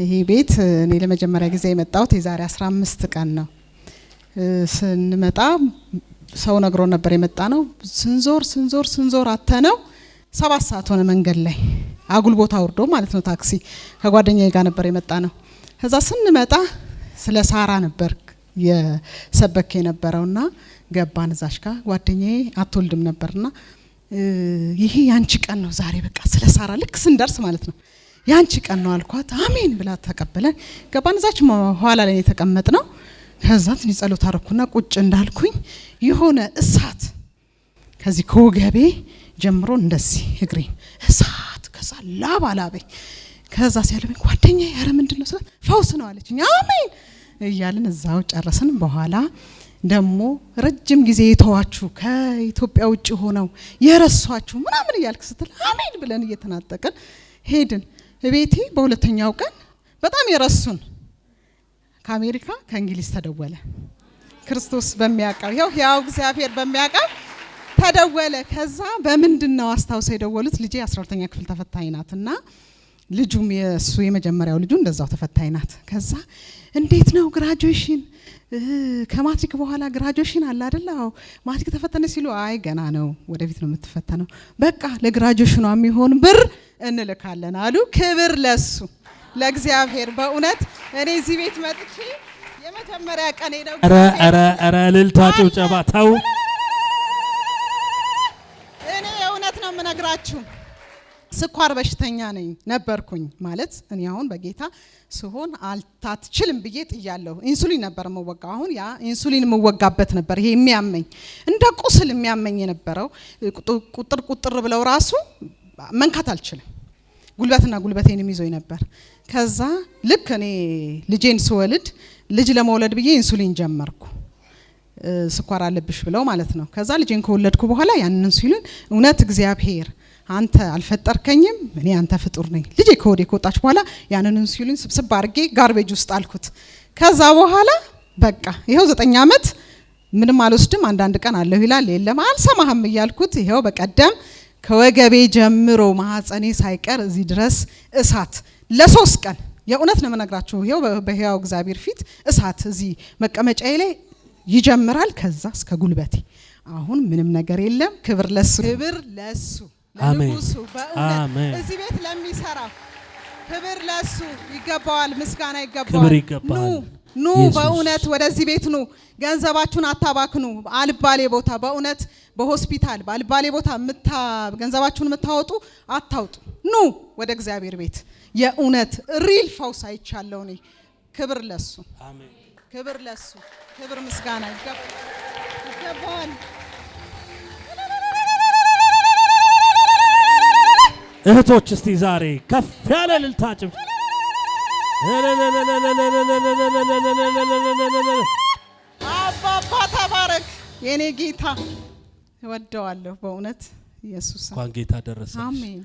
ይሄ ቤት እኔ ለመጀመሪያ ጊዜ የመጣሁት የዛሬ 15 ቀን ነው። ስንመጣ ሰው ነግሮ ነበር የመጣ ነው። ስንዞር ስንዞር ስንዞር አተ ነው። ሰባት ሰዓት ሆነ። መንገድ ላይ አጉል ቦታ ወርዶ ማለት ነው ታክሲ ከጓደኛዬ ጋር ነበር የመጣ ነው። ከዛ ስንመጣ ስለ ሳራ ነበር የሰበክ ና ገባን። እዛሽ ጋር ጓደኛዬ አትወልድም ነበርና ይሄ ያንቺ ቀን ነው ዛሬ በቃ ስለ ሳራ ልክ ስንደርስ ማለት ነው ያንቺ ቀን ነው አልኳት። አሜን ብላ ተቀበለን ገባን። እዛች ኋላ ላይ የተቀመጥ ነው። ከዛ ትንሽ ጸሎት አረኩና ቁጭ እንዳልኩኝ የሆነ እሳት ከዚህ ከወገቤ ጀምሮ እንደዚህ እግሬ እሳት ከዛ ላብ አላበኝ። ከዛ ሲያለብኝ ጓደኛ ያረ ምንድን ነው ስላት ፈውስ ነው አለችኝ። አሜን እያልን እዛው ጨረስን። በኋላ ደግሞ ረጅም ጊዜ የተዋችሁ ከኢትዮጵያ ውጭ ሆነው የረሷችሁ ምናምን እያልክ ስትል አሜን ብለን እየተናጠቅን ሄድን። ቤቴ በሁለተኛው ቀን በጣም የረሱን ከአሜሪካ ከእንግሊዝ ተደወለ። ክርስቶስ በሚያቀርብ ያው ያው እግዚአብሔር በሚያቀርብ ተደወለ። ከዛ በምንድን ነው አስታውሰው የደወሉት? ልጄ 12ኛ ክፍል ተፈታኝ ናት እና ልጁም የእሱ የመጀመሪያው ልጁ እንደዛው ተፈታኝ ናት። ከዛ እንዴት ነው ግራጁዌሽን ከማትሪክ በኋላ ግራጁዌሽን አለ አደለ? አዎ ማትሪክ ተፈተነ ሲሉ አይ ገና ነው ወደፊት ነው የምትፈተነው። በቃ ለግራጁዌሽኗ የሚሆን ብር እንልካለን አሉ። ክብር ለሱ ለእግዚአብሔር። በእውነት እኔ እዚህ ቤት መጥቼ የመጀመሪያ ቀኔ ነው። ኧረ እልልታ ጭብጨባ ተው። እኔ የእውነት ነው የምነግራችሁ ስኳር በሽተኛ ነኝ ነበርኩኝ። ማለት እኔ አሁን በጌታ ስሆን አልታትችልም ብዬ ጥያለሁ። ኢንሱሊን ነበር የምወጋው። አሁን ያ ኢንሱሊን የምወጋበት ነበር። ይሄ የሚያመኝ እንደ ቁስል የሚያመኝ የነበረው ቁጥር ቁጥር ብለው ራሱ መንካት አልችልም። ጉልበትና ጉልበቴን ይዞኝ ነበር። ከዛ ልክ እኔ ልጄን ስወልድ ልጅ ለመውለድ ብዬ ኢንሱሊን ጀመርኩ፣ ስኳር አለብሽ ብለው ማለት ነው። ከዛ ልጄን ከወለድኩ በኋላ ያንን ኢንሱሊን እውነት እግዚአብሔር አንተ አልፈጠርከኝም፣ እኔ አንተ ፍጡር ነኝ። ልጄ ከወዴ ከወጣች በኋላ ያንን ኢንሱሊን ስብስብ አድርጌ ጋርቤጅ ውስጥ አልኩት። ከዛ በኋላ በቃ ይኸው ዘጠኝ ዓመት ምንም አልወስድም፣ አንዳንድ ቀን አለሁ ይላል የለም፣ አልሰማህም እያልኩት ይኸው በቀደም ከወገቤ ጀምሮ ማህፀኔ ሳይቀር እዚህ ድረስ እሳት ለሶስት ቀን የእውነት ነው የምነግራችሁ። ይኸው በህያው እግዚአብሔር ፊት እሳት እዚህ መቀመጫዬ ላይ ይጀምራል፣ ከዛ እስከ ጉልበቴ። አሁን ምንም ነገር የለም። ክብር ለሱ፣ ክብር ለሱ ለንጉሱ፣ በእውነት እዚህ ቤት ለሚሰራ ክብር ለሱ ይገባዋል፣ ምስጋና ይገባዋል። ኑ ኑ በእውነት ወደዚህ ቤት ኑ። ገንዘባችሁን አታባክኑ አልባሌ ቦታ። በእውነት በሆስፒታል በአልባሌ ቦታ ገንዘባችሁን የምታወጡ አታውጡ። ኑ ወደ እግዚአብሔር ቤት። የእውነት ሪል ፈውስ አይቻለሁ እኔ። ክብር ለሱ፣ ክብር ለሱ፣ ክብር ምስጋና ይገባል። እህቶች እስቲ ዛሬ ከፍ ያለ ልልታ ጭብጭ አባባ ተባረክ የኔ ጌታ እወደዋለሁ በእውነት ኢየሱስ። እንኳን ጌታ ደረሰ። አሜን።